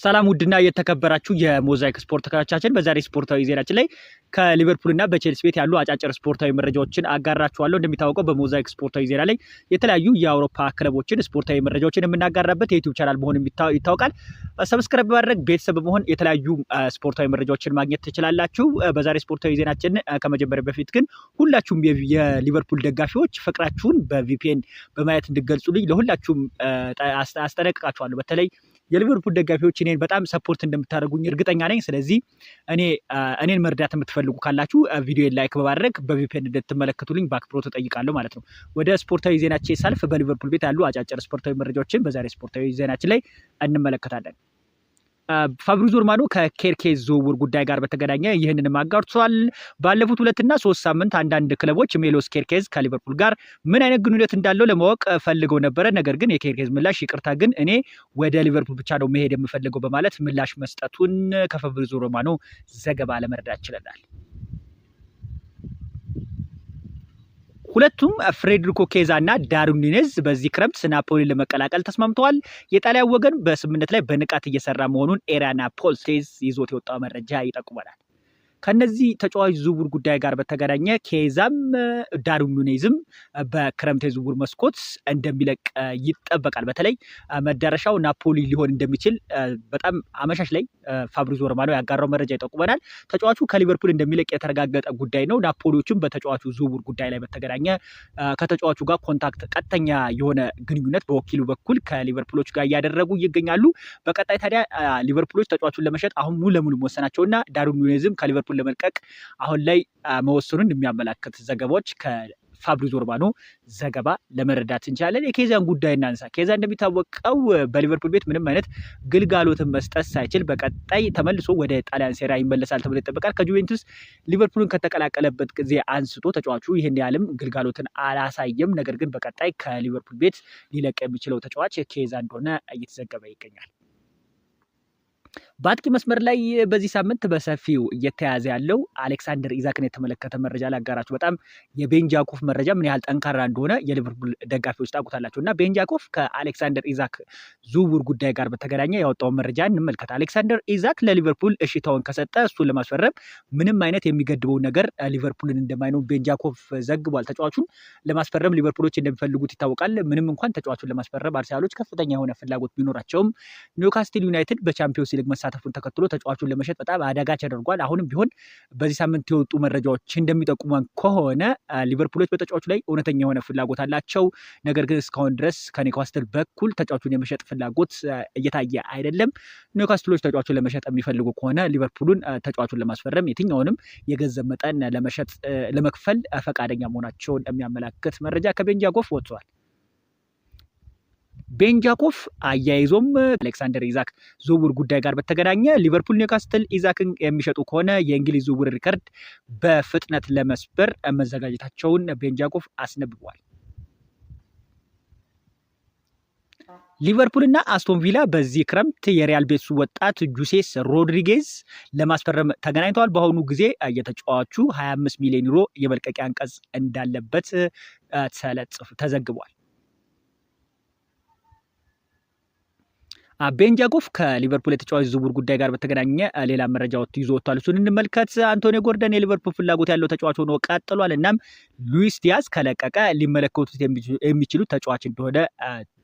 ሰላም ውድና የተከበራችሁ የሞዛይክ ስፖርት ተከታታዮቻችን፣ በዛሬ ስፖርታዊ ዜናችን ላይ ከሊቨርፑልና በቼልሲ ቤት ያሉ አጫጭር ስፖርታዊ መረጃዎችን አጋራችኋለሁ። እንደሚታወቀው በሞዛይክ ስፖርታዊ ዜና ላይ የተለያዩ የአውሮፓ ክለቦችን ስፖርታዊ መረጃዎችን የምናጋራበት የዩቲዩብ ቻናል መሆን ይታወቃል። ሰብስክራይብ በማድረግ ቤተሰብ በመሆን የተለያዩ ስፖርታዊ መረጃዎችን ማግኘት ትችላላችሁ። በዛሬ ስፖርታዊ ዜናችን ከመጀመሪያ በፊት ግን ሁላችሁም የሊቨርፑል ደጋፊዎች ፍቅራችሁን በቪፒኤን በማየት እንድገልጹልኝ ለሁላችሁም አስጠነቅቃችኋለሁ በተለይ የሊቨርፑል ደጋፊዎች እኔን በጣም ሰፖርት እንደምታደርጉኝ እርግጠኛ ነኝ። ስለዚህ እኔ እኔን መርዳት የምትፈልጉ ካላችሁ ቪዲዮ ላይክ በማድረግ በቪፒን እንደትመለከቱልኝ በአክብሮት እጠይቃለሁ ማለት ነው። ወደ ስፖርታዊ ዜናችን ሳልፍ በሊቨርፑል ቤት ያሉ አጫጭር ስፖርታዊ መረጃዎችን በዛሬ ስፖርታዊ ዜናችን ላይ እንመለከታለን። ፋብሪዞ ሮማኖ ከኬርኬዝ ዝውውር ጉዳይ ጋር በተገናኘ ይህንንም አጋርቷል። ባለፉት ሁለትና ሶስት ሳምንት አንዳንድ ክለቦች ሜሎስ ኬርኬዝ ከሊቨርፑል ጋር ምን አይነት ግንኙነት እንዳለው ለማወቅ ፈልገው ነበረ። ነገር ግን የኬርኬዝ ምላሽ ይቅርታ፣ ግን እኔ ወደ ሊቨርፑል ብቻ ነው መሄድ የምፈልገው በማለት ምላሽ መስጠቱን ከፋብሪዞ ሮማኖ ዘገባ ለመረዳት ችለናል። ሁለቱም ፍሬድሪኮ ኬዛ እና ዳርዊን ኑኔዝ በዚህ ክረምት ናፖሊን ለመቀላቀል ተስማምተዋል። የጣሊያን ወገን በስምምነት ላይ በንቃት እየሰራ መሆኑን ኤሪያና ፖልሴዝ ይዞት የወጣው መረጃ ይጠቁመናል። ከነዚህ ተጫዋች ዝውውር ጉዳይ ጋር በተገናኘ ኬዛም ዳርዊን ኑኔዝም በክረምት የዝውውር መስኮት እንደሚለቅ ይጠበቃል። በተለይ መዳረሻው ናፖሊ ሊሆን እንደሚችል በጣም አመሻሽ ላይ ፋብሪዞ ሮማኖ ያጋራው መረጃ ይጠቁመናል። ተጫዋቹ ከሊቨርፑል እንደሚለቅ የተረጋገጠ ጉዳይ ነው። ናፖሊዎችም በተጫዋቹ ዝውውር ጉዳይ ላይ በተገናኘ ከተጫዋቹ ጋር ኮንታክት፣ ቀጥተኛ የሆነ ግንኙነት በወኪሉ በኩል ከሊቨርፑሎች ጋር እያደረጉ ይገኛሉ። በቀጣይ ታዲያ ሊቨርፑሎች ተጫዋቹን ለመሸጥ አሁን ሙሉ ለሙሉ መወሰናቸውና ዳርዊን ኑኔዝም ከሊቨርፑል ሊቨርፑል ለመልቀቅ አሁን ላይ መወሰኑን የሚያመላክት ዘገባዎች ፋብሪ ዞርባኖ ዘገባ ለመረዳት እንችላለን። የኬዛን ጉዳይ እናንሳ። ኬዛ እንደሚታወቀው በሊቨርፑል ቤት ምንም አይነት ግልጋሎትን መስጠት ሳይችል በቀጣይ ተመልሶ ወደ ጣሊያን ሴራ ይመለሳል ተብሎ ይጠበቃል። ከጁቬንቱስ ሊቨርፑልን ከተቀላቀለበት ጊዜ አንስቶ ተጫዋቹ ይህን ያህልም ግልጋሎትን አላሳየም። ነገር ግን በቀጣይ ከሊቨርፑል ቤት ሊለቅ የሚችለው ተጫዋች ኬዛ እንደሆነ እየተዘገበ ይገኛል። በአጥቂ መስመር ላይ በዚህ ሳምንት በሰፊው እየተያዘ ያለው አሌክሳንደር ኢዛክን የተመለከተ መረጃ ላጋራችሁ። በጣም የቤንጃኮፍ መረጃ ምን ያህል ጠንካራ እንደሆነ የሊቨርፑል ደጋፊዎች ታውቁታላችሁ እና ቤንጃኮፍ ከአሌክሳንደር ኢዛክ ዝውውር ጉዳይ ጋር በተገናኘ ያወጣውን መረጃ እንመልከት። አሌክሳንደር ኢዛክ ለሊቨርፑል እሽታውን ከሰጠ እሱን ለማስፈረም ምንም አይነት የሚገድበው ነገር ሊቨርፑልን እንደማይኖር ቤንጃኮፍ ዘግቧል። ተጫዋቹን ለማስፈረም ሊቨርፑሎች እንደሚፈልጉት ይታወቃል። ምንም እንኳን ተጫዋቹን ለማስፈረም አርሰናሎች ከፍተኛ የሆነ ፍላጎት ቢኖራቸውም ኒውካስትል ዩናይትድ በቻምፒዮንስ ሊግ መሳ መሳተፉን ተከትሎ ተጫዋቹን ለመሸጥ በጣም አዳጋች ያደርጓል። አሁንም ቢሆን በዚህ ሳምንት የወጡ መረጃዎች እንደሚጠቁመን ከሆነ ሊቨርፑሎች በተጫዋቹ ላይ እውነተኛ የሆነ ፍላጎት አላቸው። ነገር ግን እስካሁን ድረስ ከኒውካስትል በኩል ተጫዋቹን የመሸጥ ፍላጎት እየታየ አይደለም። ኒውካስትሎች ተጫዋቹን ለመሸጥ የሚፈልጉ ከሆነ ሊቨርፑሉን ተጫዋቹን ለማስፈረም የትኛውንም የገንዘብ መጠን ለመሸጥ ለመክፈል ፈቃደኛ መሆናቸውን የሚያመላክት መረጃ ከቤንጃጎፍ ወጥቷል። ቤንጃኮፍ አያይዞም አሌክሳንደር ኢዛክ ዝውውር ጉዳይ ጋር በተገናኘ ሊቨርፑል ኒውካስትል ኢዛክን የሚሸጡ ከሆነ የእንግሊዝ ዝውውር ሪከርድ በፍጥነት ለመስበር መዘጋጀታቸውን ቤንጃኮፍ አስነብቧል። ሊቨርፑልና አስቶን ቪላ በዚህ ክረምት የሪያል ቤትሱ ወጣት ጁሴስ ሮድሪጌዝ ለማስፈረም ተገናኝተዋል። በአሁኑ ጊዜ የተጫዋቹ 25 ሚሊዮን ዩሮ የመልቀቂያ አንቀጽ እንዳለበት ተዘግቧል። ቤን ጎፍ ከሊቨርፑል የተጫዋች ዝውውር ጉዳይ ጋር በተገናኘ ሌላ መረጃ ይዞ ወጥቷል። እሱን እንመልከት። አንቶኒ ጎርደን የሊቨርፑል ፍላጎት ያለው ተጫዋች ሆኖ ቀጥሏል። እናም ሉዊስ ዲያዝ ከለቀቀ ሊመለከቱት የሚችሉት ተጫዋች እንደሆነ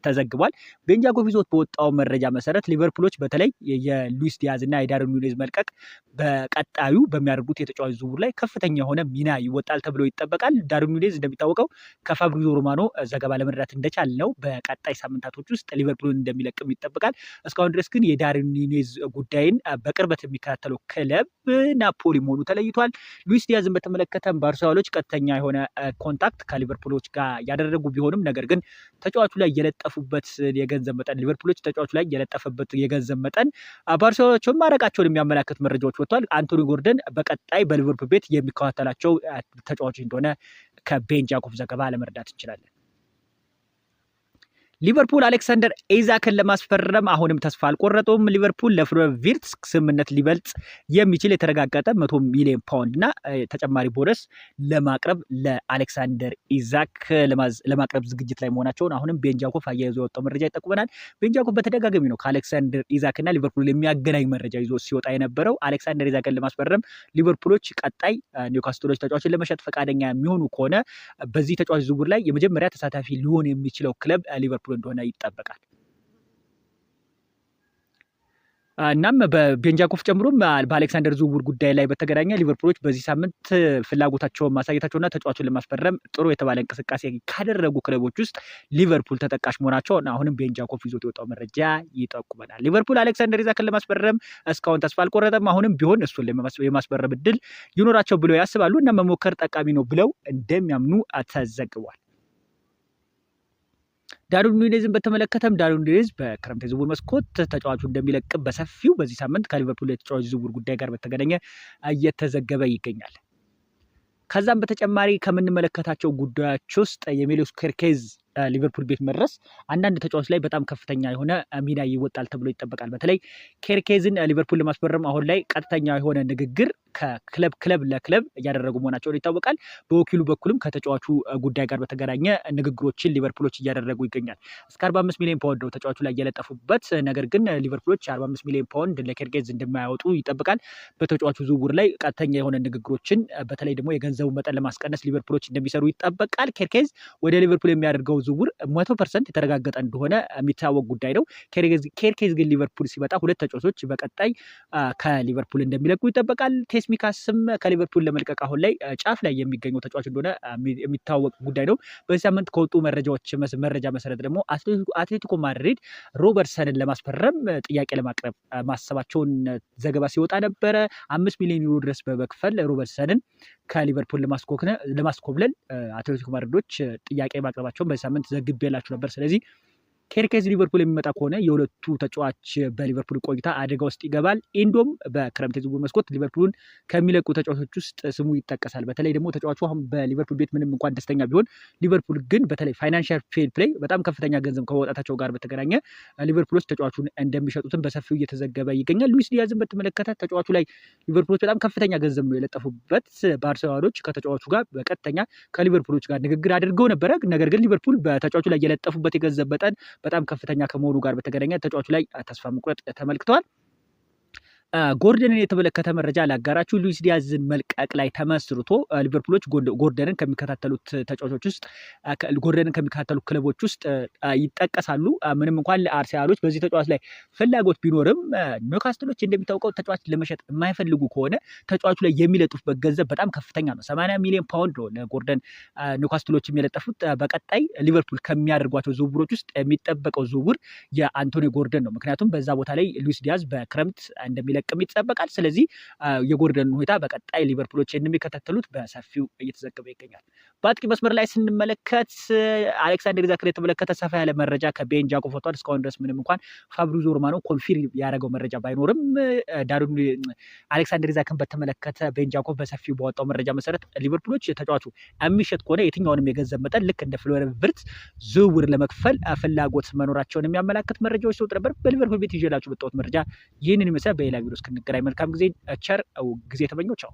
ተዘግቧል። ቤንጃ ይዞት በወጣው መረጃ መሰረት ሊቨርፑሎች በተለይ የሉዊስ ዲያዝ እና የዳርዊን ኑኔዝ መልቀቅ በቀጣዩ በሚያደርጉት የተጫዋች ዝውውር ላይ ከፍተኛ የሆነ ሚና ይወጣል ተብሎ ይጠበቃል። ዳርዊን ኑኔዝ እንደሚታወቀው ከፋብሪዞ ሮማኖ ዘገባ ለመረዳት እንደቻል ነው በቀጣይ ሳምንታቶች ውስጥ ሊቨርፑልን እንደሚለቅም ይጠበቃል። እስካሁን ድረስ ግን የዳርዊን ኑኔዝ ጉዳይን በቅርበት የሚከታተለው ክለብ ናፖሊ መሆኑ ተለይቷል። ሉዊስ ዲያዝን በተመለከተ ባርሰሎች ቀጥተኛ የሆነ ኮንታክት ከሊቨርፑሎች ጋር ያደረጉ ቢሆንም ነገር ግን ተጫዋቹ ላይ የለጠ የለጠፉበት የገንዘብ መጠን ሊቨርፑሎች ተጫዋቹ ላይ የለጠፈበት የገንዘብ መጠን ባርሴሎናቸውን ማረቃቸውን የሚያመላክት መረጃዎች ወጥቷል። አንቶኒ ጎርደን በቀጣይ በሊቨርፑል ቤት የሚከታተላቸው ተጫዋቾች እንደሆነ ከቤን ጃኮብ ዘገባ ለመረዳት እንችላለን። ሊቨርፑል አሌክሳንደር ኢዛክን ለማስፈረም አሁንም ተስፋ አልቆረጠውም። ሊቨርፑል ለፍሎሪያን ስምምነት ሊበልጥ የሚችል የተረጋገጠ መቶ ሚሊዮን ፓውንድ እና ተጨማሪ ቦነስ ለማቅረብ ለአሌክሳንደር ኢዛክ ለማቅረብ ዝግጅት ላይ መሆናቸውን አሁንም ቤንጃኮፍ አያይዞ የወጣው መረጃ ይጠቁመናል። ቤንጃኮፍ በተደጋጋሚ ነው ከአሌክሳንደር ኢዛክ እና ሊቨርፑል የሚያገናኝ መረጃ ይዞ ሲወጣ የነበረው። አሌክሳንደር ኢዛክን ለማስፈረም ሊቨርፑሎች ቀጣይ ኒውካስቶሎች ተጫዋችን ለመሸጥ ፈቃደኛ የሚሆኑ ከሆነ በዚህ ተጫዋች ዝውውር ላይ የመጀመሪያ ተሳታፊ ሊሆን የሚችለው ክለብ ሊቨርፑል የሚያስተካክሉ እንደሆነ ይጠበቃል። እናም በቤንጃኮፍ ጨምሮም በአሌክሳንደር ዝውውር ጉዳይ ላይ በተገናኘ ሊቨርፑሎች በዚህ ሳምንት ፍላጎታቸውን ማሳየታቸውና ተጫዋቹን ለማስፈረም ጥሩ የተባለ እንቅስቃሴ ካደረጉ ክለቦች ውስጥ ሊቨርፑል ተጠቃሽ መሆናቸው አሁንም ቤንጃኮፍ ይዞት የወጣው መረጃ ይጠቁመናል። ሊቨርፑል አሌክሳንደር ኢሳክን ለማስፈረም እስካሁን ተስፋ አልቆረጠም። አሁንም ቢሆን እሱን የማስፈረም እድል ይኖራቸው ብለው ያስባሉ እና መሞከር ጠቃሚ ነው ብለው እንደሚያምኑ ተዘግቧል። ዳርዊን ኑኔዝን በተመለከተም ዳርዊን ኑኔዝ በክረምት የዝውውር መስኮት ተጫዋቹ እንደሚለቅም በሰፊው በዚህ ሳምንት ከሊቨርፑል የተጫዋች ዝውውር ጉዳይ ጋር በተገናኘ እየተዘገበ ይገኛል። ከዛም በተጨማሪ ከምንመለከታቸው ጉዳዮች ውስጥ የሚሎስ ኬርኬዝ ሊቨርፑል ቤት መድረስ አንዳንድ ተጫዋች ላይ በጣም ከፍተኛ የሆነ ሚና ይወጣል ተብሎ ይጠበቃል። በተለይ ኬርኬዝን ሊቨርፑል ለማስፈረም አሁን ላይ ቀጥተኛ የሆነ ንግግር ከክለብ ክለብ ለክለብ እያደረጉ መሆናቸውን ይታወቃል። በወኪሉ በኩልም ከተጫዋቹ ጉዳይ ጋር በተገናኘ ንግግሮችን ሊቨርፑሎች እያደረጉ ይገኛል። እስከ 45 ሚሊዮን ፓውንድ ነው ተጫዋቹ ላይ የለጠፉበት። ነገር ግን ሊቨርፑሎች 45 ሚሊዮን ፓውንድ ለኬርኬዝ እንደማያወጡ ይጠበቃል። በተጫዋቹ ዝውውር ላይ ቀጥተኛ የሆነ ንግግሮችን በተለይ ደግሞ የገንዘቡ መጠን ለማስቀነስ ሊቨርፑሎች እንደሚሰሩ ይጠበቃል። ኬርኬዝ ወደ ሊቨርፑል የሚያደርገው ዝውውር መቶ ፐርሰንት የተረጋገጠ እንደሆነ የሚታወቅ ጉዳይ ነው። ኬርኬዝ ግን ሊቨርፑል ሲመጣ ሁለት ተጫዋቾች በቀጣይ ከሊቨርፑል እንደሚለቁ ይጠበቃል። ቴስሚካስም ከሊቨርፑል ለመልቀቅ አሁን ላይ ጫፍ ላይ የሚገኘው ተጫዋች እንደሆነ የሚታወቅ ጉዳይ ነው። በዚህ ሳምንት ከወጡ መረጃዎች መረጃ መሰረት ደግሞ አትሌቲኮ ማድሪድ ሮበርሰንን ለማስፈረም ጥያቄ ለማቅረብ ማሰባቸውን ዘገባ ሲወጣ ነበረ። አምስት ሚሊዮን ዩሮ ድረስ በመክፈል ሮበርሰንን ከሊቨርፑል ለማስኮብለል አትሌቲኮ ማድሪዶች ጥያቄ ማቅረባቸውን በዚ ሳምንት ዘግቤላችሁ ነበር። ስለዚህ ኬርኬዝ ሊቨርፑል የሚመጣ ከሆነ የሁለቱ ተጫዋች በሊቨርፑል ቆይታ አደጋ ውስጥ ይገባል። ኢንዶም በክረምት የዝውውር መስኮት ሊቨርፑልን ከሚለቁ ተጫዋቾች ውስጥ ስሙ ይጠቀሳል። በተለይ ደግሞ ተጫዋቹ አሁን በሊቨርፑል ቤት ምንም እንኳን ደስተኛ ቢሆን፣ ሊቨርፑል ግን በተለይ ፋይናንሻል ፌር ፕሌይ በጣም ከፍተኛ ገንዘብ ከመውጣታቸው ጋር በተገናኘ ሊቨርፑሎች ተጫዋቹን እንደሚሸጡትም በሰፊው እየተዘገበ ይገኛል። ሉዊስ ዲያዝን በተመለከተ ተጫዋቹ ላይ ሊቨርፑሎች በጣም ከፍተኛ ገንዘብ ነው የለጠፉበት። ባርሰሎች ከተጫዋቹ ጋር በቀጥተኛ ከሊቨርፑሎች ጋር ንግግር አድርገው ነበረ። ነገር ግን ሊቨርፑል በተጫዋቹ ላይ የለጠፉበት የገንዘብ መጠን በጣም ከፍተኛ ከመሆኑ ጋር በተገናኘ ተጫዋቹ ላይ ተስፋ መቁረጥ ተመልክተዋል። ጎርደንን የተመለከተ መረጃ ላጋራችሁ። ሉዊስ ዲያዝን መልቀቅ ላይ ተመስርቶ ሊቨርፑሎች ጎርደንን ከሚከታተሉት ተጫዋቾች ውስጥ ጎርደንን ከሚከታተሉ ክለቦች ውስጥ ይጠቀሳሉ። ምንም እንኳን ለአርሰናሎች በዚህ ተጫዋች ላይ ፍላጎት ቢኖርም ኒውካስትሎች እንደሚታወቀው ተጫዋች ለመሸጥ የማይፈልጉ ከሆነ ተጫዋቹ ላይ የሚለጥፉበት ገንዘብ በጣም ከፍተኛ ነው። 80 ሚሊዮን ፓውንድ ነው ለጎርደን ኒውካስትሎች የሚለጠፉት። በቀጣይ ሊቨርፑል ከሚያደርጓቸው ዝውውሮች ውስጥ የሚጠበቀው ዝውውር የአንቶኒ ጎርደን ነው። ምክንያቱም በዛ ቦታ ላይ ሉዊስ ዲያዝ በክረምት እንደሚለ እንደሚለቅም ይጠበቃል። ስለዚህ የጎርደን ሁኔታ በቀጣይ ሊቨርፑሎች እንደሚከታተሉት በሰፊው እየተዘገበ ይገኛል። በአጥቂ መስመር ላይ ስንመለከት አሌክሳንደር ዛክን የተመለከተ ሰፋ ያለ መረጃ ከቤን ጃኮ ፎቷል። እስካሁን ድረስ ምንም እንኳን ፋብሪዞ ሮማኖ ኮንፊርም ያደረገው መረጃ ባይኖርም ዳሩ አሌክሳንደር ዛክን በተመለከተ ቤን ጃኮ በሰፊው በወጣው መረጃ መሰረት ሊቨርፑሎች ተጫዋቹ የሚሸጥ ከሆነ የትኛውንም የገንዘብ መጠን ልክ እንደ ፍሎረን ቨርትዝ ዝውውር ለመክፈል ፍላጎት መኖራቸውን የሚያመላክት መረጃዎች ሰውጥ ነበር። በሊቨርፑል ቤት ይዤላችሁ በጣሁት መረጃ ይህንን ይመስላል። በሌላ በሌላ ቪዲዮ እስክንገናኝ መልካም ጊዜ፣ ቸር ጊዜ ተመኘው። ቻው